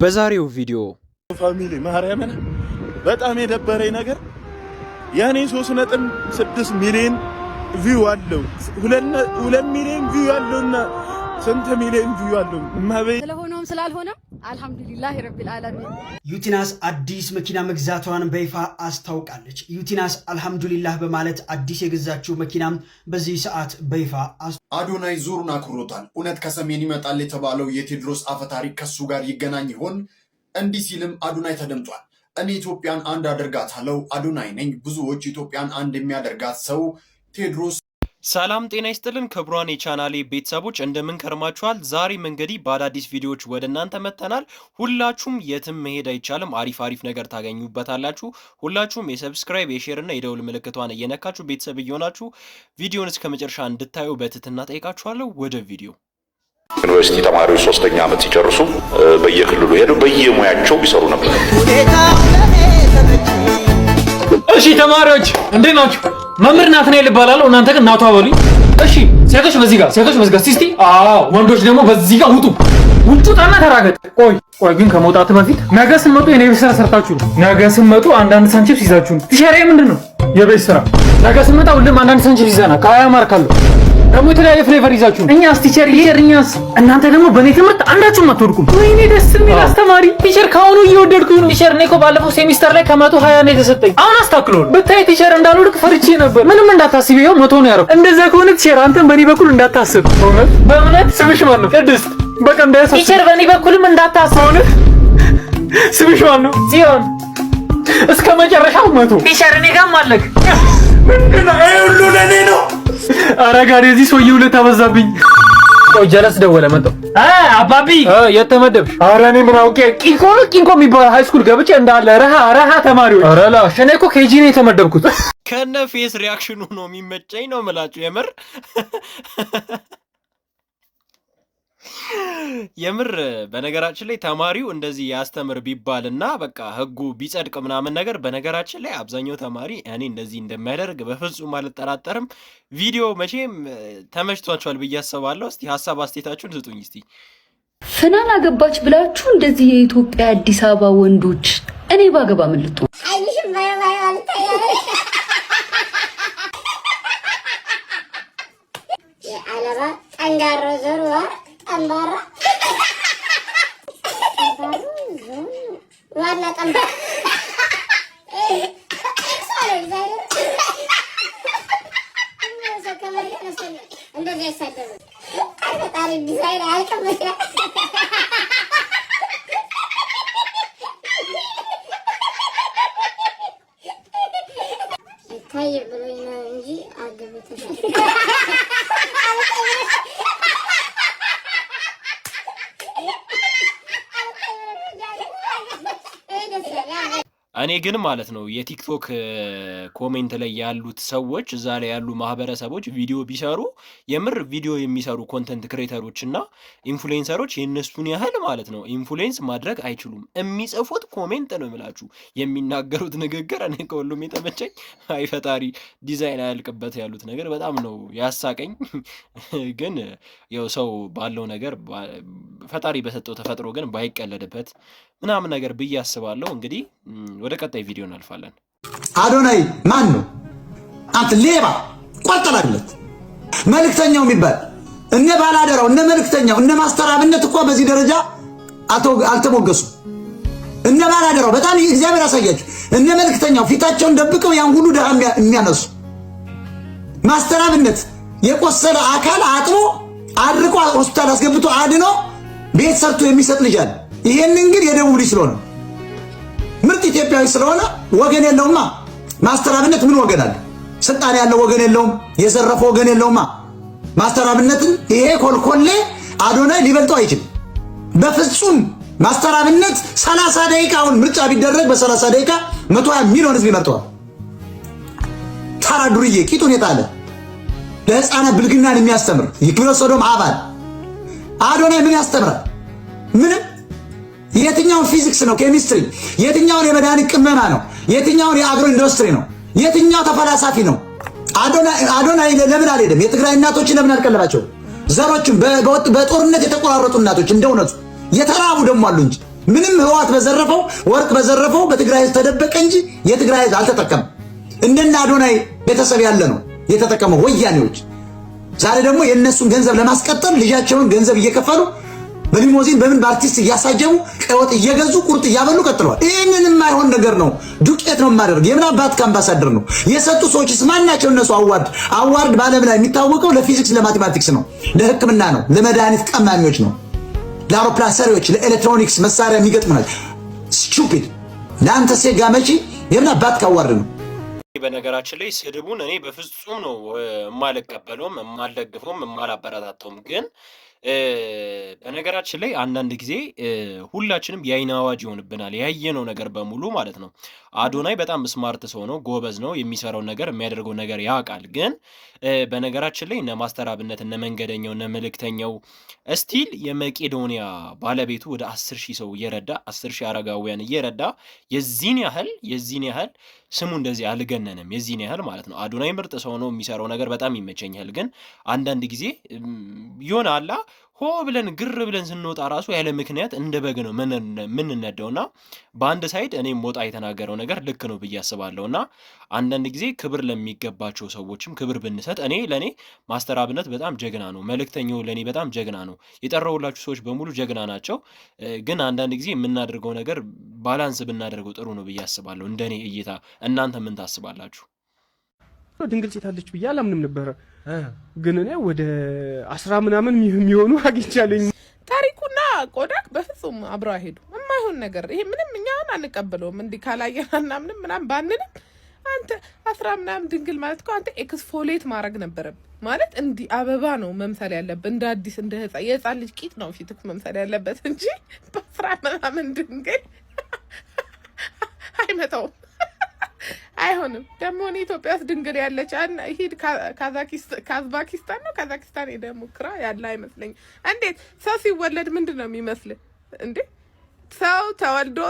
በዛሬው ቪዲዮ ፋሚሊ ማርያምን በጣም የደበረኝ ነገር ያኔ 3.6 ሚሊዮን ቪው አለው ሁለት ሚሊዮን ቪው አለውና ስንት ሚሊዮን ቪዩ አለው ስለሆነውም ስላልሆነም አልሐምዱሊላህ ረቢል ዓለሚን። ዩቲናስ አዲስ መኪና መግዛቷን በይፋ አስታውቃለች። ዩቲናስ አልሐምዱሊላህ በማለት አዲስ የገዛችው መኪናም በዚህ ሰዓት በይፋ አዶናይ ዙሩን አክሮታል። እውነት ከሰሜን ይመጣል የተባለው የቴድሮስ አፈታሪክ ከሱ ጋር ይገናኝ ይሆን? እንዲህ ሲልም አዶናይ ተደምጧል። እኔ ኢትዮጵያን አንድ አደርጋታለሁ፣ አዶናይ ነኝ። ብዙዎች ኢትዮጵያን አንድ የሚያደርጋት ሰው ቴድሮስ ሰላም ጤና ይስጥልን ክቡራን የቻናሌ ቤተሰቦች እንደምን ከርማችኋል? ዛሬም እንግዲህ በአዳዲስ ቪዲዮዎች ወደ እናንተ መጥተናል። ሁላችሁም የትም መሄድ አይቻልም፣ አሪፍ አሪፍ ነገር ታገኙበታላችሁ። ሁላችሁም የሰብስክራይብ የሼር እና የደውል ምልክቷን እየነካችሁ ቤተሰብ እየሆናችሁ ቪዲዮን እስከ መጨረሻ እንድታዩ በትህትና ጠይቃችኋለሁ። ወደ ቪዲዮ ዩኒቨርሲቲ ተማሪዎች ሶስተኛ ዓመት ሲጨርሱ በየክልሉ ሄዱ በየሙያቸው ይሰሩ ነበር። እሺ ተማሪዎች እንዴት ናችሁ? መምህር ናትናኤል እባላለሁ። እናንተ ግን ናቷ በሉኝ። እሺ፣ ሴቶች በዚህ ጋር፣ ሴቶች በዚህ ጋር ሲስቲ። አዎ፣ ወንዶች ደግሞ በዚህ ጋር ውጡ። ውጡ ጣና ተራገጥ። ቆይ ቆይ፣ ግን ከመውጣት በፊት ነገ ስመጡ የኔ ቢሰራ ሰርታችሁ ነው። ነገ ስመጡ አንዳንድ ሳንቺፕስ ይዛችሁ ነው። ትሸሪያ ምንድን ነው? የቤት ስራ ነገ ስመጣ ሁሉም አንዳንድ ሰንችር ይዘና ከሀያ ማርካሉ ደግሞ የተለያየ ፍሌቨር ይዛችሁ እኛስ ቲቸር ቲቸር እኛስ እናንተ ደግሞ በእኔ ትምህርት አንዳችሁም አትወድቁም። ወይኔ ደስ የሚል አስተማሪ ቲቸር ከአሁኑ እየወደድኩ ነው። ቲቸር እኔ እኮ ባለፈው ሴሚስተር ላይ ከመቶ ሀያ ነው የተሰጠኝ አሁን አስታክሎ ብታይ ቲቸር እንዳልወድቅ ፈርቼ ነበር። ምንም እንዳታስብ፣ ይኸው መቶ ነው ያደረኩት። እንደዛ ከሆነ ቲቸር አንተም በእኔ በኩል እንዳታስብ በእውነት በእውነት ስምሽ ማን ነው? ቅድስት በቀ እንዳያሳስብ ቲቸር በእኔ በኩልም እንዳታስብ በእውነት ስምሽ ማን ነው? ጽዮን እስከ መጨረሻው መቶ ፊሸር እኔ ጋር ማለክ ምንድነው? ይሄ ሁሉ ለኔ ነው። አረ ጋር የዚህ ሰውዬ ውለታ በዛብኝ። ቆይ ጀለስ ደወለ መጣሁ። አባቢ የት ተመደብሽ? አረ እኔ ምን አውቄ ቂንኮ ቂንኮ የሚባል ሃይ ስኩል ገብቼ እንዳለ ረሃ ረሃ ተማሪዎች። አረ ላሽ እኔ እኮ ኬጂ ነው የተመደብኩት። ከነ ፌስ ሪያክሽኑ ነው የሚመጨኝ ነው የምላችሁ የምር የምር በነገራችን ላይ ተማሪው እንደዚህ ያስተምር ቢባልና በቃ ህጉ ቢጸድቅ ምናምን ነገር በነገራችን ላይ አብዛኛው ተማሪ እኔ እንደዚህ እንደሚያደርግ በፍጹም አልጠራጠርም። ቪዲዮ መቼም ተመችቷቸዋል ብዬ አስባለሁ። እስቲ ሀሳብ አስቴታችሁን ስጡኝ። እስቲ ፍናን አገባች ብላችሁ እንደዚህ የኢትዮጵያ አዲስ አበባ ወንዶች እኔ ባገባ ምልጡ ጠንጋሮ ዞር ጠንባራ ዋና ጠንባራ እንደዚህ አይሳደብም። ፈጣሪ ዲዛይን አያልቅም። እኔ ግን ማለት ነው የቲክቶክ ኮሜንት ላይ ያሉት ሰዎች እዛ ላይ ያሉ ማህበረሰቦች ቪዲዮ ቢሰሩ የምር ቪዲዮ የሚሰሩ ኮንተንት ክሬተሮች እና ኢንፍሉዌንሰሮች የእነሱን ያህል ማለት ነው ኢንፍሉዌንስ ማድረግ አይችሉም። የሚጽፉት ኮሜንት ነው የምላችሁ፣ የሚናገሩት ንግግር እኔ ከሁሉም የተመቸኝ አይ ፈጣሪ ዲዛይን አያልቅበት ያሉት ነገር በጣም ነው ያሳቀኝ። ግን ያው ሰው ባለው ነገር ፈጣሪ በሰጠው ተፈጥሮ ግን ባይቀለድበት ምናምን ነገር ብዬ አስባለሁ። እንግዲህ ወደ ቀጣይ ቪዲዮ እናልፋለን። አዶናይ ማን ነው? አንተ ሌባ ቆጠላለት መልእክተኛው የሚባል እነ ባላደራው እነ መልእክተኛው እነ ማስተራብነት እኮ በዚህ ደረጃ አልተሞገሱም። እነ ባላደራው በጣም እግዚአብሔር ያሳያችሁ። እነ መልእክተኛው ፊታቸውን ደብቀው ያን ሁሉ ድሃ የሚያነሱ ማስተራብነት የቆሰለ አካል አጥቦ አድርቆ ሆስፒታል አስገብቶ አድኖ ቤት ሰርቶ የሚሰጥ ልጅ አለ። ይሄንን ግን የደቡብ ልጅ ስለሆነ ምርጥ ኢትዮጵያዊ ስለሆነ ወገን የለውማ። ማስተር አብነት ምን ወገን አለ? ስልጣን ያለው ወገን የለውም። የዘረፈ ወገን የለውማ። ማስተር አብነትን ይሄ ኮልኮሌ አዶናይ ሊበልጠው አይችልም በፍጹም። ማስተር አብነት 30 ደቂቃ አሁን ምርጫ ቢደረግ በ30 ደቂቃ 120 ሚሊዮን ህዝብ ይመርጠዋል። ታራ ዱርዬ ቂጡን የጣለ ለህፃናት ብልግናን የሚያስተምር የክብረ ሶዶም አባል አዶናይ ምን ያስተምራል? ምንም። የትኛውን ፊዚክስ ነው? ኬሚስትሪ? የትኛውን የመድኃኒት ቅመማ ነው? የትኛውን የአግሮ ኢንዱስትሪ ነው? የትኛው ተፈላሳፊ ነው? አዶናይ ለምን አልሄደም? የትግራይ እናቶችን ለምን አልቀለባቸው? ዘሮችን በጦርነት የተቆራረጡ እናቶች እንደ እውነቱ የተራቡ ደግሞ አሉ እንጂ ምንም ህወሓት በዘረፈው ወርቅ በዘረፈው በትግራይ ህዝብ ተደበቀ እንጂ የትግራይ ህዝብ አልተጠቀም። እንደና አዶናይ ቤተሰብ ያለ ነው የተጠቀመው ወያኔዎች ዛሬ ደግሞ የእነሱን ገንዘብ ለማስቀጠል ልጃቸውን ገንዘብ እየከፈሉ በሊሞዚን በምን በአርቲስት እያሳጀቡ ቀይ ወጥ እየገዙ ቁርጥ እያበሉ ቀጥለዋል። ይህንን የማይሆን ነገር ነው፣ ዱቄት ነው የማደርግ። የምን አባት ከአምባሳደር ነው የሰጡ ሰዎችስ ማናቸው? እነሱ አዋርድ አዋርድ በዓለም ላይ የሚታወቀው ለፊዚክስ ለማቴማቲክስ ነው፣ ለሕክምና ነው፣ ለመድኃኒት ቀማሚዎች ነው፣ ለአውሮፕላን ሰሪዎች፣ ለኤሌክትሮኒክስ መሳሪያ የሚገጥሙ ናቸው። ስቱፒድ ለአንተ ሴጋ መቺ የምን አባት ካዋርድ ነው በነገራችን ላይ ስድቡን እኔ በፍጹም ነው የማልቀበለውም የማልደግፈውም የማላበረታተውም። ግን በነገራችን ላይ አንዳንድ ጊዜ ሁላችንም የአይን አዋጅ ይሆንብናል ያየነው ነገር በሙሉ ማለት ነው። አዶናይ በጣም ስማርት ሰው ነው፣ ጎበዝ ነው፣ የሚሰራው ነገር የሚያደርገው ነገር ያውቃል። ግን በነገራችን ላይ እነ ማስተራብነት እነ መንገደኛው እነ መልእክተኛው እስቲል የመቄዶንያ ባለቤቱ ወደ አስር ሺህ ሰው እየረዳ አስር ሺህ አረጋውያን እየረዳ የዚህን ያህል የዚህን ያህል ስሙ እንደዚህ አልገነንም። የዚህን ያህል ማለት ነው። አዶናይ ምርጥ ሰው ነው፣ የሚሰራው ነገር በጣም ይመቸኛል። ግን አንዳንድ ጊዜ ይሆናላ ሆ ብለን ግር ብለን ስንወጣ ራሱ ያለ ምክንያት እንደ በግ ነው ምንነደውና በአንድ ሳይድ እኔም ሞጣ የተናገረው ነገር ልክ ነው ብዬ አስባለሁ። እና አንዳንድ ጊዜ ክብር ለሚገባቸው ሰዎችም ክብር ብንሰጥ፣ እኔ ለእኔ ማስተር አብነት በጣም ጀግና ነው። መልእክተኛው ለእኔ በጣም ጀግና ነው። የጠራሁላችሁ ሰዎች በሙሉ ጀግና ናቸው። ግን አንዳንድ ጊዜ የምናደርገው ነገር ባላንስ ብናደርገው ጥሩ ነው ብዬ አስባለሁ። እንደ እኔ እይታ እናንተ ምን ታስባላችሁ? ድንግል ሴታለች ብዬ አላምንም ነበረ ግን እኔ ወደ አስራ ምናምን የሚሆኑ አግኝቻለኝ። ታሪኩና ቆዳክ በፍጹም አብረው አይሄዱ። የማይሆን ነገር ይሄ ምንም እኛን አንቀበለውም። እንዲህ ካላየናና ምንም ምናም ባንልም አንተ አስራ ምናምን ድንግል ማለት እኮ አንተ ኤክስፎሌት ማድረግ ነበረብ ማለት እንዲህ አበባ ነው መምሰል ያለበት እንደ አዲስ እንደ ህፃ የህፃን ልጅ ቂጥ ነው ፊትክ መምሰል ያለበት እንጂ በአስራ ምናምን ድንግል አይመጣውም አይሆንም። ደግሞ እኔ ኢትዮጵያ ውስጥ ድንግል ያለች ሂድ ካዝባኪስታን ነው ካዛኪስታን ሄደ ሙክራ ያለ አይመስለኝ እንዴት ሰው ሲወለድ ምንድን ነው የሚመስል እንዴ? ሰው ተወልዶ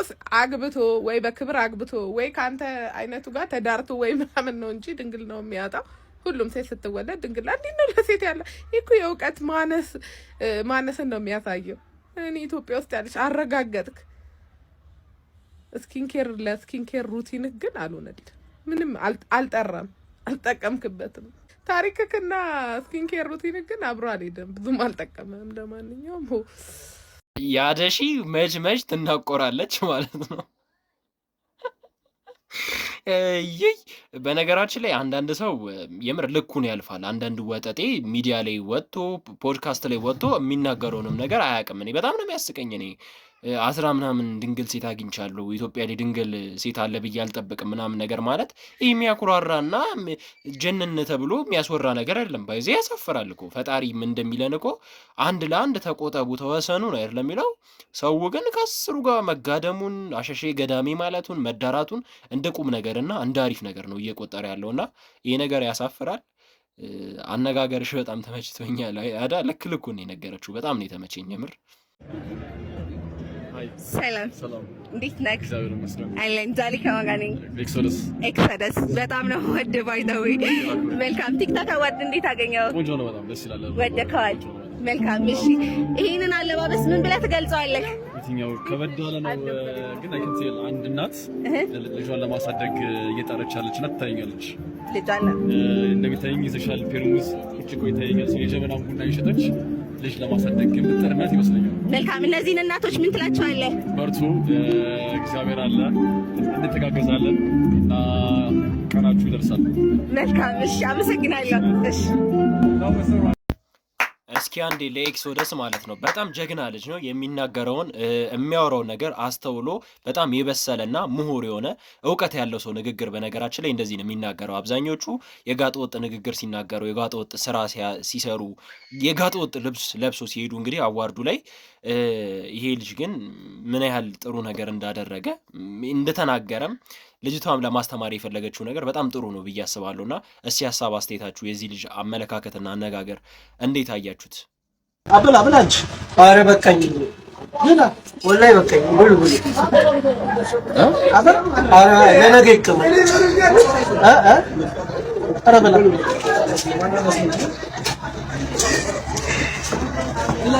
አግብቶ ወይ በክብር አግብቶ ወይ ከአንተ አይነቱ ጋር ተዳርቶ ወይ ምናምን ነው እንጂ ድንግል ነው የሚያጣው። ሁሉም ሴት ስትወለድ ድንግል እንዲህ ነው ለሴት ያለ ይኩ የእውቀት ማነስ ማነስን ነው የሚያሳየው። እኔ ኢትዮጵያ ውስጥ ያለች አረጋገጥክ። ስኪንኬር ለስኪንኬር ሩቲንህ ግን አልሆነልህ። ምንም አልጠራም፣ አልጠቀምክበትም። ታሪክክና ስኪንኬር ሩቲን ግን አብሮ አልሄደም፣ ብዙም አልጠቀመም። ለማንኛውም ያደሺ መጅ መጅ ትናቆራለች ማለት ነው። ይህ በነገራችን ላይ አንዳንድ ሰው የምር ልኩን ያልፋል። አንዳንድ ወጠጤ ሚዲያ ላይ ወጥቶ ፖድካስት ላይ ወጥቶ የሚናገረውንም ነገር አያውቅም። እኔ በጣም ነው የሚያስቀኝ እኔ አስራ ምናምን ድንግል ሴት አግኝቻለሁ ኢትዮጵያ ላይ ድንግል ሴት አለ ብዬ አልጠብቅም ምናምን ነገር ማለት ይህ የሚያኩራራና ጀንን ተብሎ የሚያስወራ ነገር አይደለም። ባይዜ ያሳፍራል እኮ ፈጣሪም እንደሚለን እኮ አንድ ለአንድ ተቆጠቡ ተወሰኑ ነው አይደለም የሚለው። ሰው ግን ከስሩ ጋር መጋደሙን አሸሼ ገዳሜ ማለቱን መዳራቱን እንደ ቁም ነገርና እንደ አሪፍ ነገር ነው እየቆጠረ ያለውና ይህ ነገር ያሳፍራል። አነጋገርሽ በጣም ተመችቶኛል። አዳ ልክ ልኩን የነገረችው በጣም ነው የተመቸኝ የምር ሰላም ሰላም፣ እንዴት ነህ? አለን ዛሬ ከማን ኤክሶደስ ኤክሶደስ፣ በጣም ነው ወደ ባይ ዘ ዌይ። መልካም ቲክታክ አዋርድ እንዴት አገኘው? ቆንጆ ነው፣ በጣም ደስ ይላል። ወደ ከዋል መልካም። እሺ ይሄንን አለባበስ ምን ብለህ ትገልጸዋለህ? የትኛው ከበድ ያለ ነው ግን አይ ከንት አንድ እናት ልጇን ለማሳደግ እየጣረች ያለች እናት ትታየኛለች። ልጇን እንደሚታየኝ ይዘሻል ፔርሙዝ ቁጭ ቆይታ የጀበናም ቡና እየሸጠች ልጅ ለማሳደግ የምትጥር እናት ይመስለኛል። መልካም። እነዚህን እናቶች ምን ትላቸዋለህ? በርቱ፣ እግዚአብሔር አለ፣ እንተጋገዛለን እና ቀናችሁ ይደርሳል። መልካም። እሺ፣ አመሰግናለሁ። እሺ እስኪ አንዴ ለኤክስ ወደስ ማለት ነው። በጣም ጀግና ልጅ ነው። የሚናገረውን የሚያወራው ነገር አስተውሎ በጣም የበሰለና ምሁር የሆነ እውቀት ያለው ሰው ንግግር በነገራችን ላይ እንደዚህ ነው የሚናገረው። አብዛኞቹ የጋጠ ወጥ ንግግር ሲናገሩ፣ የጋጠ ወጥ ስራ ሲሰሩ፣ የጋጠ ወጥ ልብስ ለብሶ ሲሄዱ እንግዲህ አዋርዱ ላይ ይሄ ልጅ ግን ምን ያህል ጥሩ ነገር እንዳደረገ እንደተናገረም ልጅቷም ለማስተማር የፈለገችው ነገር በጣም ጥሩ ነው ብዬ አስባለሁ። እና እስቲ ሀሳብ አስተያየታችሁ፣ የዚህ ልጅ አመለካከትና አነጋገር እንዴት አያችሁት? አብል አብል አንቺ ኧረ በቃኝ ወላሂ በቃኝ። ለነገ ይቀመጥ። ኧረ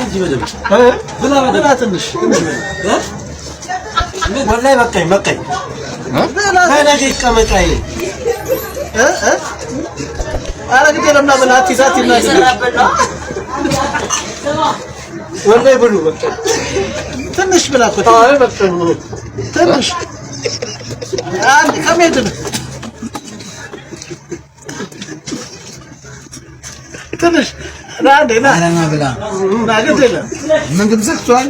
በላ ብላ ትንሽ ወላይ በቃኝ በቃኝ ወላሂ ብሉ ትንሽ ብላ እኮ ትንሽ አንድ ከሜድ ትንሽ ምግብ ዘግቷል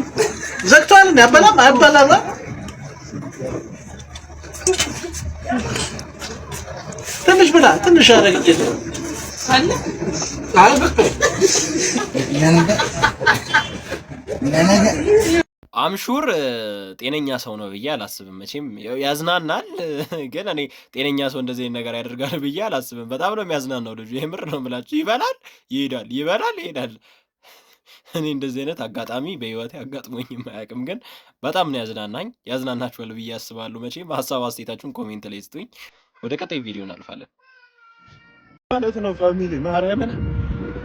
ዘግቷል። አበላም አይበላም ትንሽ ብላ ትንሽ አደረግ አምሹር ጤነኛ ሰው ነው ብዬ አላስብም። መቼም ያዝናናል፣ ግን እኔ ጤነኛ ሰው እንደዚህ ነገር ያደርጋል ብዬ አላስብም። በጣም ነው የሚያዝናናው ልጁ፣ የምር ነው የምላችሁ። ይበላል፣ ይሄዳል፣ ይበላል፣ ይሄዳል። እኔ እንደዚህ አይነት አጋጣሚ በህይወቴ አጋጥሞኝም አያውቅም፣ ግን በጣም ነው ያዝናናኝ። ያዝናናችኋል ብዬ አስባለሁ። መቼም ሀሳብ አስተያየታችሁን ኮሜንት ላይ ስጡኝ። ወደ ቀጣይ ቪዲዮ እናልፋለን ማለት ነው። ፋሚሊ ማርያምን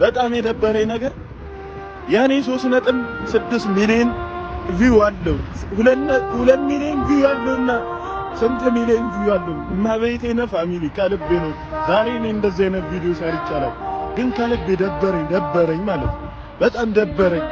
በጣም የደበረኝ ነገር ያኔ 3.6 ሚሊዮን ቪው አለው፣ ሁለት ሚሊዮን ቪው አለውና ስንት ሚሊዮን ቪው አለው? እመቤቴ ነው ፋሚሊ ከልቤ ነው። ዛሬ እኔ እንደዚህ አይነት ቪዲዮ ሰርቻለሁ፣ ግን ከልቤ ደበረኝ ደበረኝ ማለት ነው። በጣም ደበረኝ።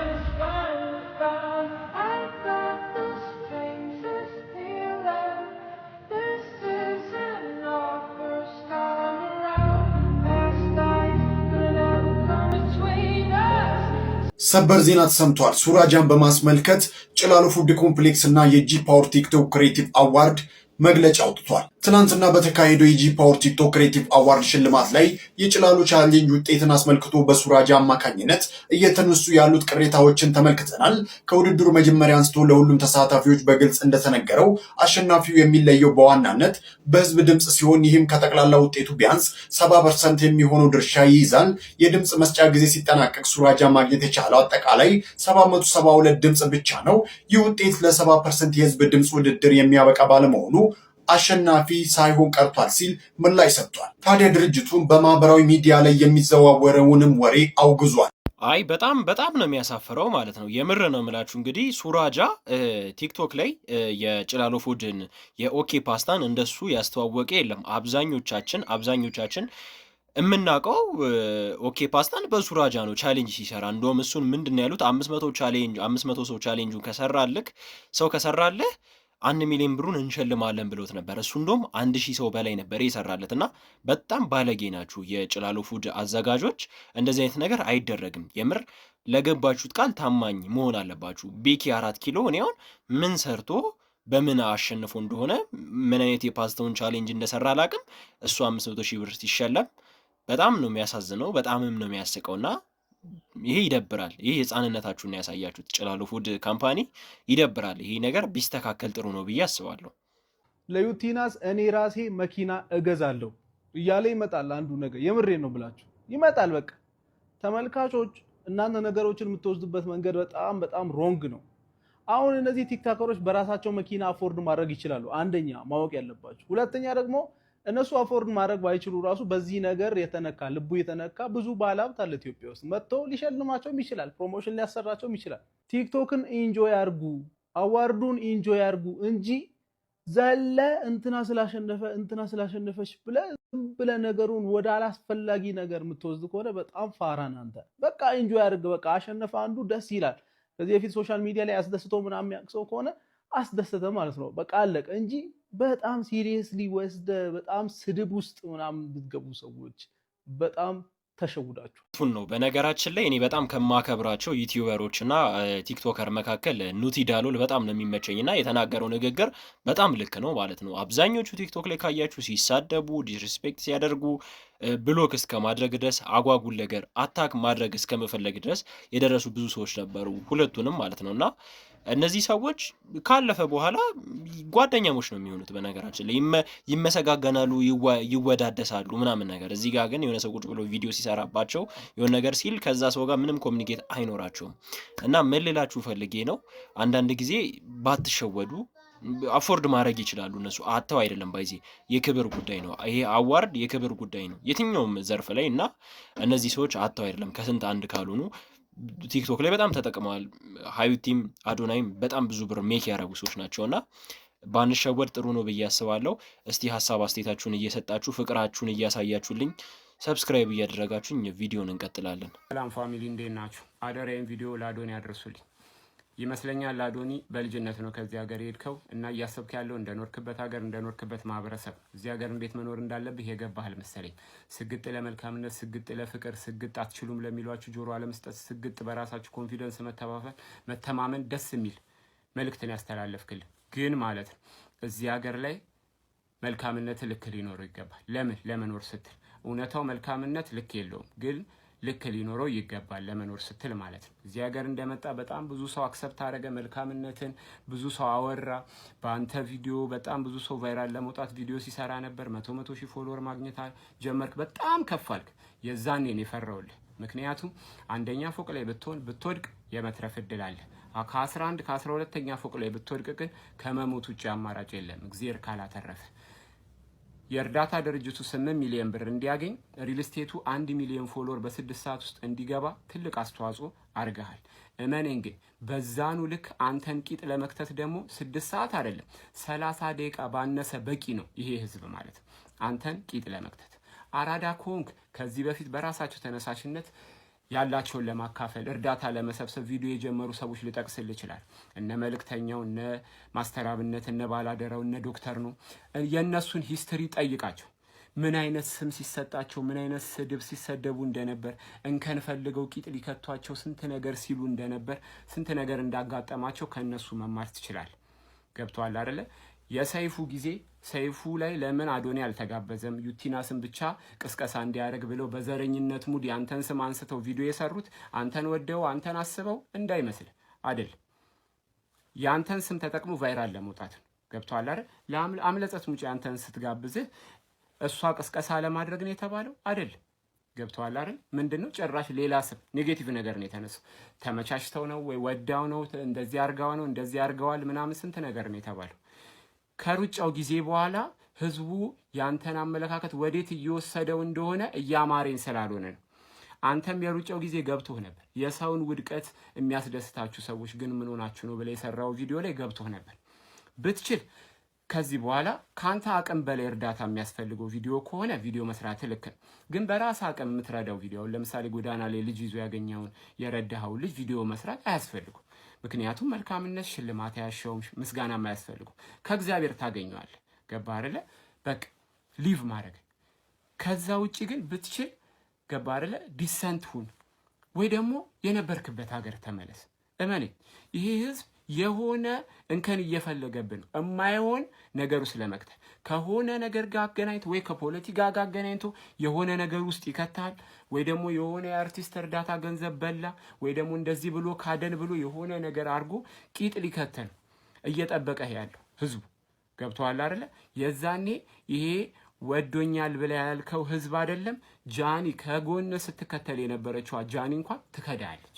ሰበር ዜና ተሰምቷል። ሱራጃን በማስመልከት ጭላሎ ፉድ ኮምፕሌክስ እና የጂ ፓወር ቲክቶክ ክሬቲቭ አዋርድ መግለጫ አውጥቷል። ትናንትና በተካሄደው ፓወር ኦርቲቶ ክሬቲቭ አዋርድ ሽልማት ላይ የጭላሎ ቻሌንጅ ውጤትን አስመልክቶ በሱራጃ አማካኝነት እየተነሱ ያሉት ቅሬታዎችን ተመልክተናል። ከውድድሩ መጀመሪያ አንስቶ ለሁሉም ተሳታፊዎች በግልጽ እንደተነገረው አሸናፊው የሚለየው በዋናነት በህዝብ ድምፅ ሲሆን ይህም ከጠቅላላ ውጤቱ ቢያንስ ሰባ ፐርሰንት የሚሆነው ድርሻ ይይዛል። የድምፅ መስጫ ጊዜ ሲጠናቀቅ ሱራጃ ማግኘት የቻለው አጠቃላይ 772 ድምፅ ብቻ ነው። ይህ ውጤት ለሰባ ፐርሰንት የህዝብ ድምፅ ውድድር የሚያበቃ ባለመሆኑ አሸናፊ ሳይሆን ቀርቷል ሲል ምላሽ ሰጥቷል። ታዲያ ድርጅቱን በማህበራዊ ሚዲያ ላይ የሚዘዋወረውንም ወሬ አውግዟል። አይ በጣም በጣም ነው የሚያሳፍረው ማለት ነው። የምር ነው የምላችሁ። እንግዲህ ሱራጃ ቲክቶክ ላይ የጭላሎ ፉድን የኦኬ ፓስታን እንደሱ ያስተዋወቀ የለም። አብዛኞቻችን አብዛኞቻችን የምናውቀው ኦኬ ፓስታን በሱራጃ ነው ቻሌንጅ ሲሰራ። እንደውም እሱን ምንድን ነው ያሉት አምስት መቶ ቻሌንጅ አምስት መቶ ሰው ቻሌንጁን ከሰራልክ ሰው ከሰራልህ አንድ ሚሊዮን ብሩን እንሸልማለን ብሎት ነበር። እሱ እንደውም አንድ ሺህ ሰው በላይ ነበር የሰራለት እና በጣም ባለጌ ናችሁ የጭላሎ ፉድ አዘጋጆች፣ እንደዚህ አይነት ነገር አይደረግም። የምር ለገባችሁት ቃል ታማኝ መሆን አለባችሁ። ቤኪ አራት ኪሎ እኔ አሁን ምን ሰርቶ በምን አሸንፎ እንደሆነ ምን አይነት የፓስታውን ቻሌንጅ እንደሰራ አላቅም። እሱ አምስት መቶ ሺህ ብር ሲሸለም በጣም ነው የሚያሳዝነው፣ በጣምም ነው የሚያስቀውና ይሄ ይደብራል። ይሄ የህፃንነታችሁና ያሳያችሁት ጭላሎ ፉድ ካምፓኒ ይደብራል። ይሄ ነገር ቢስተካከል ጥሩ ነው ብዬ አስባለሁ። ለዩቲናስ እኔ ራሴ መኪና እገዛለሁ እያለ ይመጣል። አንዱ ነገር የምሬ ነው ብላችሁ ይመጣል። በቃ ተመልካቾች፣ እናንተ ነገሮችን የምትወስዱበት መንገድ በጣም በጣም ሮንግ ነው። አሁን እነዚህ ቲክታከሮች በራሳቸው መኪና አፎርድ ማድረግ ይችላሉ። አንደኛ ማወቅ ያለባችሁ፣ ሁለተኛ ደግሞ እነሱ አፎርድ ማድረግ ባይችሉ ራሱ በዚህ ነገር የተነካ ልቡ የተነካ ብዙ ባለሀብት አለ ኢትዮጵያ ውስጥ መጥቶ ሊሸልማቸውም ይችላል፣ ፕሮሞሽን ሊያሰራቸውም ይችላል። ቲክቶክን ኢንጆይ አርጉ፣ አዋርዱን ኢንጆይ አርጉ እንጂ ዘለ እንትና ስላሸነፈ እንትና ስላሸነፈች ብለ ብለ ነገሩን ወደ አላስፈላጊ ነገር የምትወስድ ከሆነ በጣም ፋራን አንተ። በቃ ኢንጆይ አርግ፣ በቃ አሸነፈ አንዱ ደስ ይላል። ከዚህ በፊት ሶሻል ሚዲያ ላይ አስደስቶ ምናምን የሚያቅሰው ከሆነ አስደሰተ ማለት ነው። በቃ አለቀ እንጂ በጣም ሲሪየስሊ ወስደ በጣም ስድብ ውስጥ ምናምን የምትገቡ ሰዎች በጣም ተሸውዳችሁ ነው። በነገራችን ላይ እኔ በጣም ከማከብራቸው ዩቲዩበሮች እና ቲክቶከር መካከል ኑቲ ዳሎል በጣም ነው የሚመቸኝ እና የተናገረው ንግግር በጣም ልክ ነው ማለት ነው። አብዛኞቹ ቲክቶክ ላይ ካያችሁ ሲሳደቡ፣ ዲስሪስፔክት ሲያደርጉ ብሎክ እስከ ማድረግ ድረስ አጓጉል ነገር አታክ ማድረግ እስከ መፈለግ ድረስ የደረሱ ብዙ ሰዎች ነበሩ፣ ሁለቱንም ማለት ነው እና እነዚህ ሰዎች ካለፈ በኋላ ጓደኛሞች ነው የሚሆኑት። በነገራችን ላይ ይመሰጋገናሉ፣ ይወዳደሳሉ ምናምን ነገር። እዚህ ጋር ግን የሆነ ሰው ቁጭ ብሎ ቪዲዮ ሲሰራባቸው የሆነ ነገር ሲል ከዛ ሰው ጋር ምንም ኮሚኒኬት አይኖራቸውም። እና ምን ልላችሁ ፈልጌ ነው አንዳንድ ጊዜ ባትሸወዱ አፎርድ ማድረግ ይችላሉ። እነሱ አተው አይደለም ባይዜ የክብር ጉዳይ ነው። ይሄ አዋርድ የክብር ጉዳይ ነው የትኛውም ዘርፍ ላይ እና እነዚህ ሰዎች አተው አይደለም ከስንት አንድ ካልሆኑ ቲክቶክ ላይ በጣም ተጠቅመዋል። ሀዩቲም አዶናይም በጣም ብዙ ብር ሜክ ያደረጉ ሰዎች ናቸው እና ባንሸወድ ጥሩ ነው ብዬ አስባለሁ። እስቲ ሀሳብ አስተያየታችሁን እየሰጣችሁ ፍቅራችሁን እያሳያችሁልኝ ሰብስክራይብ እያደረጋችሁኝ ቪዲዮን እንቀጥላለን። ሰላም ፋሚሊ እንዴት ናችሁ? አደራዬን ቪዲዮ ለአዶናይ ያደርሱልኝ። ይመስለኛል አዶኒ በልጅነት ነው ከዚህ ሀገር የሄድከው እና እያሰብክ ያለው እንደኖርክበት ሀገር እንደኖርክበት ማህበረሰብ እዚህ ሀገር እንዴት መኖር እንዳለብህ የገባህ መሰለኝ። ስግጥ ለመልካምነት፣ ስግጥ ለፍቅር፣ ስግጥ አትችሉም ለሚሏችሁ ጆሮ አለመስጠት፣ ስግጥ በራሳችሁ ኮንፊደንስ መተባበር፣ መተማመን ደስ የሚል መልእክትን ያስተላለፍክል ግን ማለት ነው እዚህ ሀገር ላይ መልካምነት ልክ ሊኖረው ይገባል። ለምን ለመኖር ስትል እውነታው መልካምነት ልክ የለውም ግን ልክ ሊኖረው ይገባል ለመኖር ስትል ማለት ነው። እዚህ ሀገር እንደመጣ በጣም ብዙ ሰው አክሰፕት አደረገ መልካምነትን፣ ብዙ ሰው አወራ በአንተ ቪዲዮ። በጣም ብዙ ሰው ቫይራል ለመውጣት ቪዲዮ ሲሰራ ነበር። መቶ መቶ ሺህ ፎሎወር ማግኘት ጀመርክ። በጣም ከፍ አልክ። የዛኔን የፈራውልህ ምክንያቱም አንደኛ ፎቅ ላይ ብትሆን ብትወድቅ የመትረፍ እድል አለ። ከ11 ከ12ኛ ፎቅ ላይ ብትወድቅ ግን ከመሞት ውጭ አማራጭ የለም፣ እግዜር ካላተረፈ የእርዳታ ድርጅቱ 8 ሚሊዮን ብር እንዲያገኝ ሪል ስቴቱ ሚሊዮን ፎሎወር በስድስት ሰዓት ውስጥ እንዲገባ ትልቅ አስተዋጽኦ አድርገሃል። እመኔን ግን በዛኑ ልክ አንተን ቂጥ ለመክተት ደግሞ ስድስት ሰዓት አይደለም ሰላሳ ደቂቃ ባነሰ በቂ ነው። ይሄ ህዝብ ማለት አንተን ቂጥ ለመክተት አራዳ ኮንክ ከዚህ በፊት በራሳቸው ተነሳሽነት ያላቸውን ለማካፈል እርዳታ ለመሰብሰብ ቪዲዮ የጀመሩ ሰዎች ልጠቅስል ይችላል። እነ መልእክተኛው፣ እነ ማስተራብነት፣ እነ ባላደራው፣ እነ ዶክተር ነው። የእነሱን ሂስትሪ ጠይቃቸው። ምን አይነት ስም ሲሰጣቸው፣ ምን አይነት ስድብ ሲሰደቡ እንደነበር፣ እንከን ፈልገው ቂጥ ሊከቷቸው ስንት ነገር ሲሉ እንደነበር፣ ስንት ነገር እንዳጋጠማቸው ከእነሱ መማር ትችላል። ገብተዋል አደለ? የሰይፉ ጊዜ ሰይፉ ላይ ለምን አዶኔ አልተጋበዘም? ዩቲናስን ብቻ ቅስቀሳ እንዲያደርግ ብለው በዘረኝነት ሙድ የአንተን ስም አንስተው ቪዲዮ የሰሩት አንተን ወደው አንተን አስበው እንዳይመስል አደል። የአንተን ስም ተጠቅሞ ቫይራል ለመውጣት ነው። ገብተዋል አይደል? ለአምለጸት ሙጭ አንተን ስትጋብዝህ እሷ ቅስቀሳ ለማድረግ ነው የተባለው አደል? ገብተዋል አይደል? ምንድን ነው ጭራሽ ሌላ ስም ኔጌቲቭ ነገር ነው የተነሱ። ተመቻችተው ነው ወይ ወዳው ነው እንደዚህ አርጋው ነው እንደዚህ አርገዋል ምናምን ስንት ነገር ነው የተባለው። ከሩጫው ጊዜ በኋላ ህዝቡ ያንተን አመለካከት ወዴት እየወሰደው እንደሆነ እያማረኝ ስላልሆነ ነው። አንተም የሩጫው ጊዜ ገብቶህ ነበር። የሰውን ውድቀት የሚያስደስታችሁ ሰዎች ግን ምን ሆናችሁ ነው ብለህ የሰራው ቪዲዮ ላይ ገብቶህ ነበር። ብትችል ከዚህ በኋላ ከአንተ አቅም በላይ እርዳታ የሚያስፈልገው ቪዲዮ ከሆነ ቪዲዮ መስራት ልክ ነው። ግን በራስ አቅም የምትረዳው ቪዲዮ ለምሳሌ ጎዳና ላይ ልጅ ይዞ ያገኘውን የረዳኸው ልጅ ቪዲዮ መስራት አያስፈልጉም። ምክንያቱም መልካምነት ሽልማት አያሻውም፣ ምስጋና አያስፈልገው። ከእግዚአብሔር ታገኘዋል። ገባህ አይደለ? በቃ ሊቭ ማድረግ ከዛ ውጭ ግን ብትችል ገባህ አይደለ? ዲሰንት ሁን ወይ ደግሞ የነበርክበት ሀገር ተመለስ። እመኔ ይሄ ህዝብ የሆነ እንከን እየፈለገብን የማይሆን ነገር ውስጥ ለመክተል ከሆነ ነገር ጋር አገናኝቶ ወይ ከፖለቲካ ጋር አገናኝቶ የሆነ ነገር ውስጥ ይከታል፣ ወይ ደግሞ የሆነ የአርቲስት እርዳታ ገንዘብ በላ፣ ወይ ደግሞ እንደዚህ ብሎ ካደን ብሎ የሆነ ነገር አድርጎ ቂጥ ሊከተል እየጠበቀ ያለው ህዝቡ ገብተዋል አይደለ? የዛኔ ይሄ ወዶኛል ብለ ያልከው ህዝብ አይደለም ጃኒ ከጎን ስትከተል የነበረችዋ ጃኒ እንኳን ትከዳለች።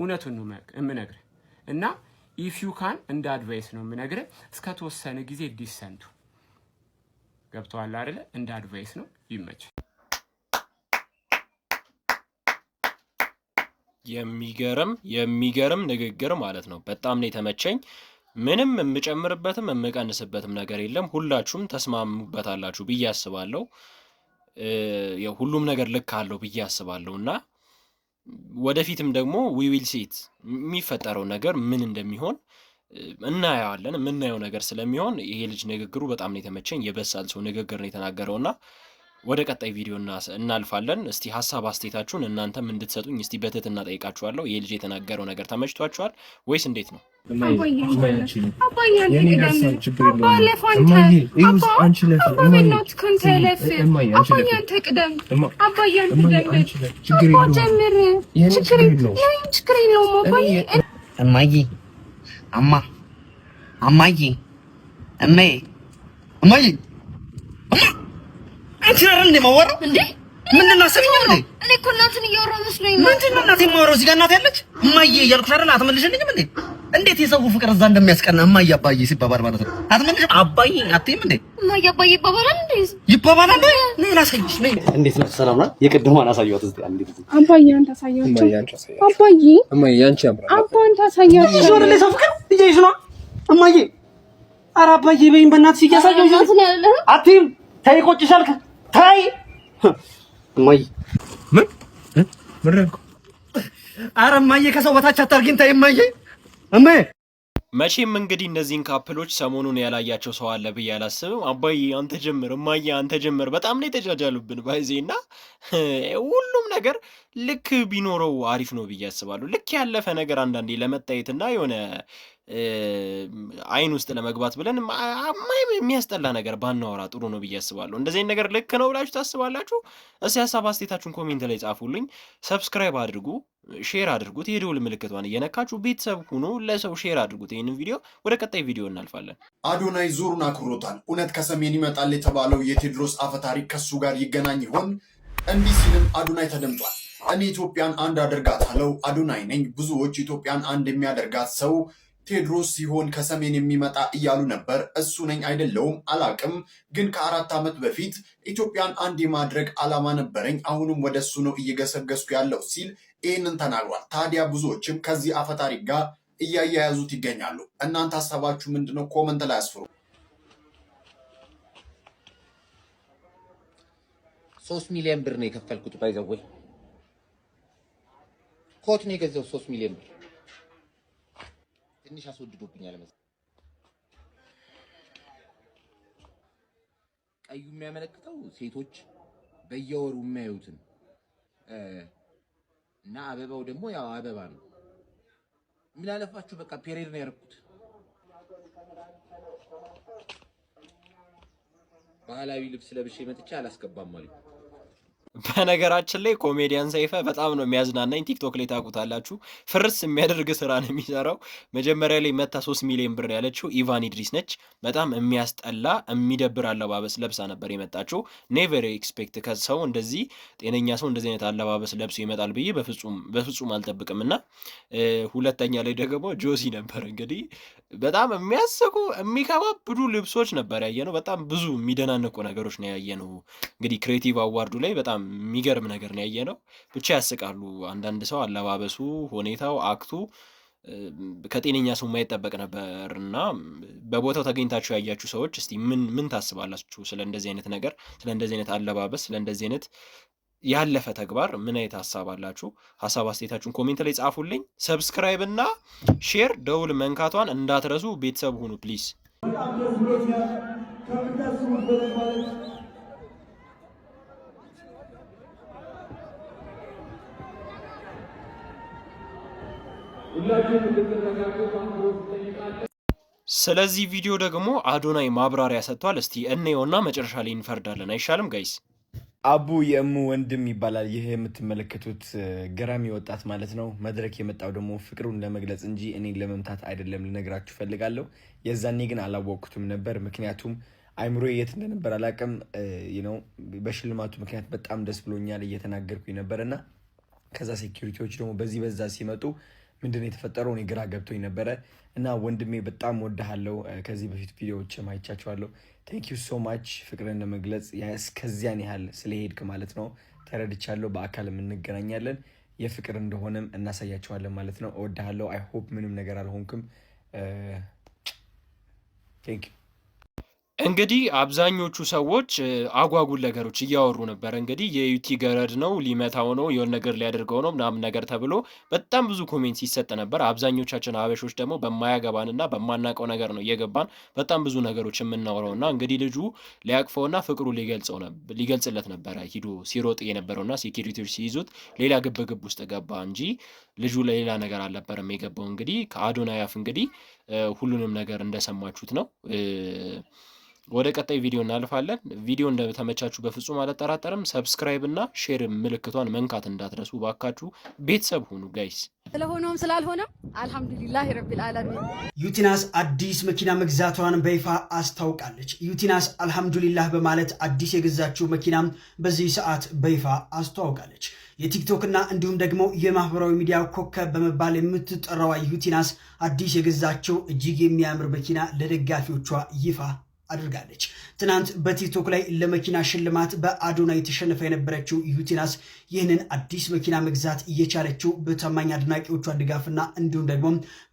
እውነቱን የምነግርህ እና ኢፍ ዩ ካን እንደ አድቫይስ ነው የምነግርህ። እስከ ተወሰነ ጊዜ ዲሰንቱ ገብተዋል አይደለ? እንደ አድቫይስ ነው። ይመች። የሚገርም የሚገርም ንግግር ማለት ነው። በጣም ነው የተመቸኝ። ምንም የምጨምርበትም የምቀንስበትም ነገር የለም። ሁላችሁም ተስማሙበታላችሁ ብዬ አስባለሁ። ሁሉም ነገር ልክ አለው ብዬ አስባለሁ እና ወደፊትም ደግሞ ዊዊል ሴት የሚፈጠረው ነገር ምን እንደሚሆን እናየዋለን የምናየው ነገር ስለሚሆን ይሄ ልጅ ንግግሩ በጣም ነው የተመቸኝ። የበሳል ሰው ንግግር ነው እና ወደ ቀጣይ ቪዲዮ እናልፋለን። እስቲ ሀሳብ አስተያየታችሁን እናንተም እንድትሰጡኝ እስቲ በትት እናጠይቃችኋለሁ። ይሄ ልጅ የተናገረው ነገር ተመችቷችኋል ወይስ እንዴት ነው? እማዬ አማ አማዬ እማዬ እማዬ እማ አንቺ ነህ እንዴ የማወራው እንዴ ምንድን ነው ስሚኝ? እንዴ እኔ እኮ እናትን እያወራሁ መስሎኝ ነው። ምንድን ነው እናት የማወራው? እዚህ ጋር እናት ያለች እማዬ እያልኩሽ አይደል? አትመልሽልኝም እንዴ? እንዴት የሰው ፍቅር እዛ እንደሚያስቀና እማዬ አባዬ ሲባባል ማለት ነው። አትመልሽም? አባዬ አትይም እንዴ? እማዬ አባዬ ይባባላል እንዴ? ይባባላል። ነይ ላሳይሽ። ነይ። እንዴት ነው? ሰላም ናት? የቅድሟን አሳየኋት። እዚህ አንዴ አባዬ አንተ አሳየኋት። አባዬ እማዬ አንቺ አብራ አባ አንተ አሳየኋት። ይዞር ላይ ሰው ፍቅር እያይሽ ነው እማዬ። ኧረ አባዬ በይኝ በእናትሽ እያሳየሁሽ። አትይም። ተይ ቆጭሽ ተይ እማዬ ምን ምን ረንኩ? አረ እማዬ ከሰው በታች አታርጊን። ተይ እማዬ እማዬ መቼም እንግዲህ እነዚህን ካፕሎች ሰሞኑን ያላያቸው ሰው አለ ብዬ አላስብም። አባዬ አንተ ጀምር፣ እማዬ አንተ ጀምር፣ በጣም ነው የተጃጃሉብን ባይዜ እና ሁሉም ነገር ልክ ቢኖረው አሪፍ ነው ብዬ አስባለሁ። ልክ ያለፈ ነገር አንዳንዴ ለመታየትና የሆነ አይን ውስጥ ለመግባት ብለን የሚያስጠላ ነገር ባናወራ ጥሩ ነው ብዬ አስባለሁ። እንደዚህ ነገር ልክ ነው ብላችሁ ታስባላችሁ? እስኪ ሀሳብ አስቴታችሁን ኮሜንት ላይ ጻፉልኝ። ሰብስክራይብ አድርጉ። ሼር አድርጉት። የደውል ምልክቷን እየነካችሁ ቤተሰብ ሁኑ። ለሰው ሼር አድርጉት ይህንን ቪዲዮ። ወደ ቀጣይ ቪዲዮ እናልፋለን። አዶናይ ዞሩን አክሮታል። እውነት ከሰሜን ይመጣል የተባለው የቴዎድሮስ አፈታሪክ ከሱ ጋር ይገናኝ ይሆን? እንዲህ ሲልም አዶናይ ተደምጧል። እኔ ኢትዮጵያን አንድ አደርጋታለሁ፣ አዶናይ ነኝ። ብዙዎች ኢትዮጵያን አንድ የሚያደርጋት ሰው ቴዎድሮስ ሲሆን ከሰሜን የሚመጣ እያሉ ነበር። እሱ ነኝ አይደለውም አላቅም፣ ግን ከአራት ዓመት በፊት ኢትዮጵያን አንድ የማድረግ ዓላማ ነበረኝ። አሁንም ወደ እሱ ነው እየገሰገስኩ ያለው ሲል ይህንን ተናግሯል። ታዲያ ብዙዎችም ከዚህ አፈታሪክ ጋር እያያያዙት ይገኛሉ። እናንተ ሀሳባችሁ ምንድነው? ኮመንት ላይ አስፍሩ። ሶስት ሚሊዮን ብር ነው የከፈልኩት። ባይዘወይ ኮት ነው የገዛው ሶስት ሚሊዮን ብር ትንሽ አስወድዶብኛል መሰለኝ። ቀዩ የሚያመለክተው ሴቶች በየወሩ የሚያዩትን እና አበባው ደግሞ ያው አበባ ነው። ምን አለፋችሁ በቃ ፔሬድ ነው ያደረኩት። ባህላዊ ልብስ ለብሼ መጥቼ አላስገባም አሉኝ። በነገራችን ላይ ኮሜዲያን ሰይፈ በጣም ነው የሚያዝናናኝ። ቲክቶክ ላይ ታውቁታላችሁ። ፍርስ የሚያደርግ ስራ ነው የሚሰራው። መጀመሪያ ላይ መታ ሶስት ሚሊዮን ብር ያለችው ኢቫን ኢድሪስ ነች። በጣም የሚያስጠላ የሚደብር አለባበስ ለብሳ ነበር የመጣችው። ኔቨር ኤክስፔክት ከሰው እንደዚህ ጤነኛ ሰው እንደዚህ አይነት አለባበስ ለብሶ ይመጣል ብዬ በፍጹም አልጠብቅም። እና ሁለተኛ ላይ ደግሞ ጆሲ ነበር እንግዲህ በጣም የሚያስቁ የሚከባብዱ ልብሶች ነበር ያየነው። በጣም ብዙ የሚደናንቁ ነገሮች ነው ያየነው። እንግዲህ ክሬቲቭ አዋርዱ ላይ በጣም የሚገርም ነገር ነው ያየ ነው። ብቻ ያስቃሉ። አንዳንድ ሰው አለባበሱ፣ ሁኔታው፣ አክቱ ከጤነኛ ሰው የማይጠበቅ ነበር እና በቦታው ተገኝታችሁ ያያችሁ ሰዎች እስቲ ምን ምን ታስባላችሁ? ስለ እንደዚህ አይነት ነገር፣ ስለ እንደዚህ አይነት አለባበስ፣ ስለ እንደዚህ አይነት ያለፈ ተግባር ምን አይነት ሀሳብ አላችሁ? ሀሳብ አስተያየታችሁን ኮሜንት ላይ ጻፉልኝ። ሰብስክራይብ እና ሼር ደውል መንካቷን እንዳትረሱ። ቤተሰብ ሁኑ ፕሊዝ። ስለዚህ ቪዲዮ ደግሞ አዶናይ ማብራሪያ ሰጥቷል። እስቲ እንየውና መጨረሻ ላይ እንፈርዳለን። አይሻልም ጋይስ? አቡ የእሙ ወንድም ይባላል። ይህ የምትመለከቱት ገራሚ ወጣት ማለት ነው። መድረክ የመጣው ደግሞ ፍቅሩን ለመግለጽ እንጂ እኔን ለመምታት አይደለም፣ ልነግራችሁ ፈልጋለሁ። የዛኔ ግን አላወቅኩትም ነበር ምክንያቱም አይምሮ የት እንደነበር አላቅም ነው በሽልማቱ ምክንያት በጣም ደስ ብሎኛል እየተናገርኩኝ ነበር እና ከዛ ሴኪሪቲዎች ደግሞ በዚህ በዛ ሲመጡ ምንድን ነው የተፈጠረው? እኔ ግራ ገብቶኝ ነበረ እና ወንድሜ በጣም ወድሃለው። ከዚህ በፊት ቪዲዮዎች አይቻችኋለሁ። ቴንክ ዩ ሶ ማች ፍቅርን ለመግለጽ እስከዚያን ያህል ስለሄድክ ማለት ነው ተረድቻለሁ። በአካልም እንገናኛለን የፍቅር እንደሆነም እናሳያቸዋለን ማለት ነው። እወድሃለሁ። አይ ሆፕ ምንም ነገር አልሆንክም። ቴንክ ዩ እንግዲህ አብዛኞቹ ሰዎች አጓጉል ነገሮች እያወሩ ነበር። እንግዲህ የዩቲ ገረድ ነው ሊመታው ነው የሆን ነገር ሊያደርገው ነው ምናምን ነገር ተብሎ በጣም ብዙ ኮሜንት ሲሰጥ ነበር። አብዛኞቻችን አበሾች ደግሞ በማያገባንና በማናቀው ነገር ነው እየገባን በጣም ብዙ ነገሮች የምናውረው እና እንግዲህ ልጁ ሊያቅፈውና ፍቅሩ ሊገልጽለት ነበረ ሂዶ ሲሮጥ የነበረውና ሴኪሪቲዎች ሲይዙት ሌላ ግብግብ ውስጥ ገባ እንጂ ልጁ ለሌላ ነገር አልነበረም የገባው። እንግዲህ ከአዶናያፍ እንግዲህ ሁሉንም ነገር እንደሰማችሁት ነው። ወደ ቀጣይ ቪዲዮ እናልፋለን። ቪዲዮ እንደተመቻችሁ በፍጹም አልጠራጠርም። ሰብስክራይብ እና ሼር ምልክቷን መንካት እንዳትረሱ ባካችሁ፣ ቤተሰብ ሁኑ ጋይስ። ስለሆነውም ስላልሆነም አልሐምዱሊላህ ረቢል ዓለሚን። ዩቲናስ አዲስ መኪና መግዛቷን በይፋ አስታውቃለች። ዩቲናስ አልሐምዱሊላህ በማለት አዲስ የገዛችው መኪናም በዚህ ሰዓት በይፋ አስተዋውቃለች። የቲክቶክና እንዲሁም ደግሞ የማህበራዊ ሚዲያ ኮከብ በመባል የምትጠራዋ ዩቲናስ አዲስ የገዛችው እጅግ የሚያምር መኪና ለደጋፊዎቿ ይፋ አድርጋለች። ትናንት በቲክቶክ ላይ ለመኪና ሽልማት በአዶናይ የተሸነፈ የነበረችው ዩቲናስ ይህንን አዲስ መኪና መግዛት እየቻለችው በታማኝ አድናቂዎቿ ድጋፍና እንዲሁም ደግሞ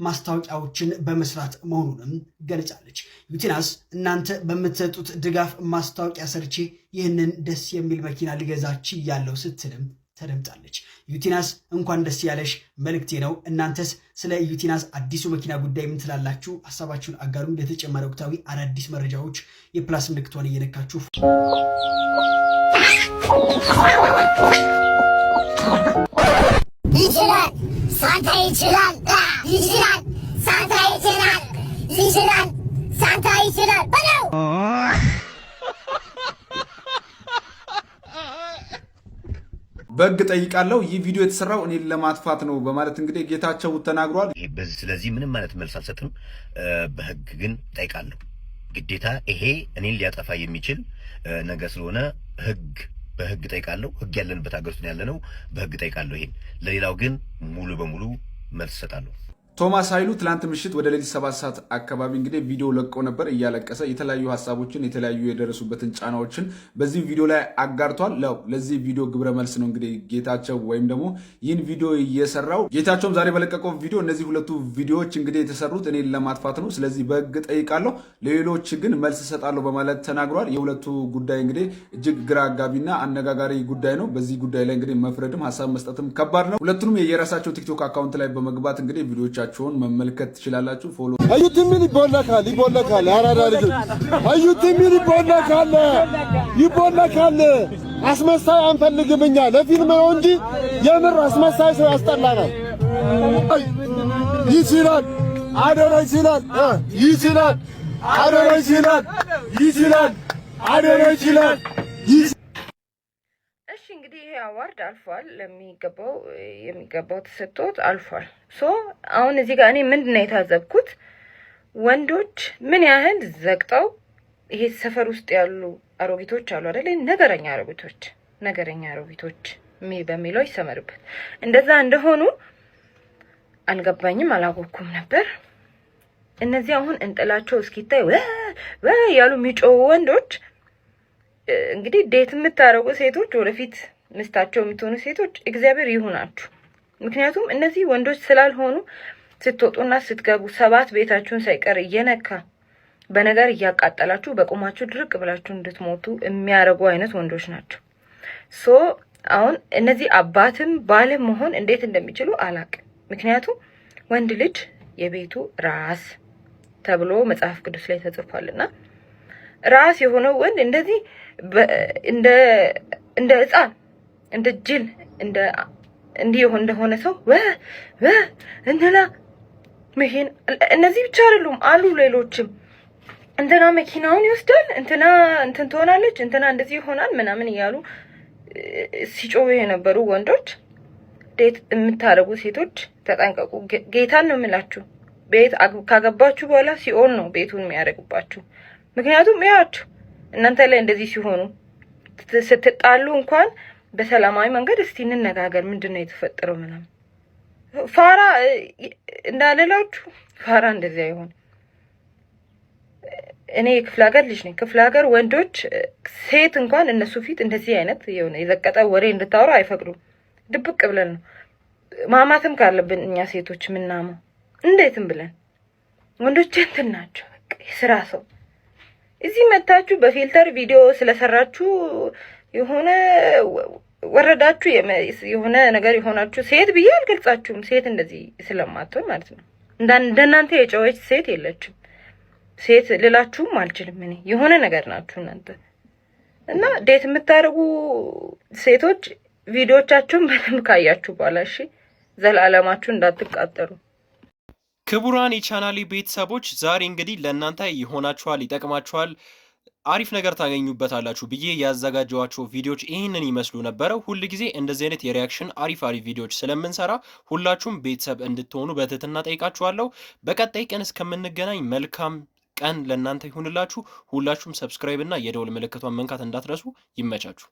ማስታወቂያዎችን በመስራት መሆኑንም ገልጻለች። ዩቲናስ እናንተ በምትሰጡት ድጋፍ ማስታወቂያ ሰርቼ ይህንን ደስ የሚል መኪና ልገዛች ያለው ስትልም ተደምጣለች። ዩቲናስ እንኳን ደስ ያለሽ መልእክቴ ነው። እናንተስ ስለ ዩቲናስ አዲሱ መኪና ጉዳይ ምን ትላላችሁ? ሀሳባችሁን አጋሩ። ለተጨማሪ ወቅታዊ አዳዲስ መረጃዎች የፕላስ ምልክቷን እየነካችሁ ይችላል ሳንታ ይችላል ይችላል ሳንታ ይችላል ይችላል ሳንታ ይችላል በለው በህግ ጠይቃለሁ። ይህ ቪዲዮ የተሰራው እኔን ለማጥፋት ነው በማለት እንግዲህ ጌታቸው ተናግሯል። ስለዚህ ምንም ማለት መልስ አልሰጥም፣ በህግ ግን ጠይቃለሁ። ግዴታ ይሄ እኔን ሊያጠፋ የሚችል ነገር ስለሆነ ህግ በህግ ጠይቃለሁ። ህግ ያለንበት ሀገር ውስጥ ያለ ነው። ጠይቃለሁ። ይሄን ለሌላው ግን ሙሉ በሙሉ መልስ እሰጣለሁ። ቶማስ ኃይሉ ትላንት ምሽት ወደ ሌሊት ሰባት ሰዓት አካባቢ እንግዲህ ቪዲዮ ለቆ ነበር። እያለቀሰ የተለያዩ ሀሳቦችን የተለያዩ የደረሱበትን ጫናዎችን በዚህ ቪዲዮ ላይ አጋርቷል። ለው ለዚህ ቪዲዮ ግብረ መልስ ነው እንግዲህ ጌታቸው ወይም ደግሞ ይህን ቪዲዮ እየሰራው ጌታቸውም ዛሬ በለቀቀው ቪዲዮ እነዚህ ሁለቱ ቪዲዮዎች እንግዲህ የተሰሩት እኔን ለማጥፋት ነው፣ ስለዚህ በህግ ጠይቃለሁ፣ ሌሎች ግን መልስ እሰጣለሁ በማለት ተናግሯል። የሁለቱ ጉዳይ እንግዲህ እጅግ ግራ አጋቢና አነጋጋሪ ጉዳይ ነው። በዚህ ጉዳይ ላይ እንግዲህ መፍረድም ሀሳብ መስጠትም ከባድ ነው። ሁለቱንም የየራሳቸው ቲክቶክ አካውንት ላይ በመግባት እንግዲህ ቪዲዮቻ ቪዲዮዎቻቸውን መመልከት ትችላላችሁ። ፎሎ አዩት ሚል ይቦለካል ይቦለካል አራዳ ልጅ አዩት ሚል ይቦለካል ይቦለካል። አስመሳይ አንፈልግም እኛ ለፊልም ነው እንጂ የምር አስመሳይ ሰው ያስጠላናል። ይችላል አደረ ይችላል ይችላል አደረ ይችላል ይችላል አደረ ይችላል አዋርድ አልፏል። ለሚገባው የሚገባው ተሰጥቶት አልፏል። ሶ አሁን እዚህ ጋር እኔ ምንድን ነው የታዘብኩት ወንዶች ምን ያህል ዘግጠው ይሄ ሰፈር ውስጥ ያሉ አሮጊቶች አሉ አደለ፣ ነገረኛ አሮጊቶች፣ ነገረኛ አሮጊቶች በሚለው ይሰመርበት። እንደዛ እንደሆኑ አልገባኝም፣ አላወኩም ነበር። እነዚህ አሁን እንጥላቸው እስኪታይ ያሉ የሚጮው ወንዶች እንግዲህ ዴት የምታደርጉ ሴቶች ወደፊት ምስታቸው የምትሆኑ ሴቶች እግዚአብሔር ይሁናችሁ። ምክንያቱም እነዚህ ወንዶች ስላልሆኑ ስትወጡና ስትገቡ ሰባት ቤታችሁን ሳይቀር እየነካ በነገር እያቃጠላችሁ በቁማችሁ ድርቅ ብላችሁ እንድትሞቱ የሚያደርጉ አይነት ወንዶች ናቸው። ሶ አሁን እነዚህ አባትም ባልም መሆን እንዴት እንደሚችሉ አላቅ ምክንያቱም ወንድ ልጅ የቤቱ ራስ ተብሎ መጽሐፍ ቅዱስ ላይ ተጽፏልና ራስ የሆነው ወንድ እንደዚህ እንደ ህፃን እንደ ጅል እንደ እንዲህ እንደሆነ ሰው ወ ወ እንትና መሄን እነዚህ ብቻ አይደሉም አሉ ሌሎችም እንትና መኪናውን ይወስዳል እንትና እንትን ትሆናለች እንትና እንደዚህ ይሆናል ምናምን እያሉ ሲጮሁ የነበሩ ወንዶች ዴት የምታደርጉ ሴቶች ተጠንቀቁ። ጌታን ነው የምላችሁ። ቤት ካገባችሁ በኋላ ሲኦን ነው ቤቱን የሚያደርግባችሁ። ምክንያቱም ያችሁ እናንተ ላይ እንደዚህ ሲሆኑ ስትጣሉ እንኳን በሰላማዊ መንገድ እስቲ እንነጋገር፣ ምንድን ነው የተፈጠረው ምናምን። ፋራ እንዳለላችሁ ፋራ እንደዚያ አይሆን። እኔ የክፍለ ሀገር ልጅ ነኝ። ክፍለ ሀገር ወንዶች ሴት እንኳን እነሱ ፊት እንደዚህ አይነት የሆነ የዘቀጠ ወሬ እንድታወራ አይፈቅዱም። ድብቅ ብለን ነው ማማትም ካለብን እኛ ሴቶች የምናመው እንዴትም ብለን። ወንዶች እንትን ናቸው፣ የስራ ሰው። እዚህ መታችሁ በፊልተር ቪዲዮ ስለሰራችሁ የሆነ ወረዳችሁ የሆነ ነገር የሆናችሁ ሴት ብዬ አልገልጻችሁም። ሴት እንደዚህ ስለማትሆን ማለት ነው። እንደናንተ የጨዋች ሴት የለችም። ሴት ልላችሁም አልችልም። እኔ የሆነ ነገር ናችሁ እናንተ እና ዴት የምታደርጉ ሴቶች ቪዲዮቻችሁን በደንብ ካያችሁ በኋላ እሺ፣ ዘላለማችሁ እንዳትቃጠሉ። ክቡራን የቻናሌ ቤተሰቦች ዛሬ እንግዲህ ለእናንተ ይሆናችኋል፣ ይጠቅማችኋል አሪፍ ነገር ታገኙበታላችሁ ብዬ ያዘጋጀዋቸው ቪዲዮዎች ይህንን ይመስሉ ነበረ። ሁል ጊዜ እንደዚህ አይነት የሪያክሽን አሪፍ አሪፍ ቪዲዮዎች ስለምንሰራ ሁላችሁም ቤተሰብ እንድትሆኑ በትህትና ጠይቃችኋለሁ። በቀጣይ ቀን እስከምንገናኝ መልካም ቀን ለእናንተ ይሁንላችሁ። ሁላችሁም ሰብስክራይብ እና የደውል ምልክቷን መንካት እንዳትረሱ። ይመቻችሁ።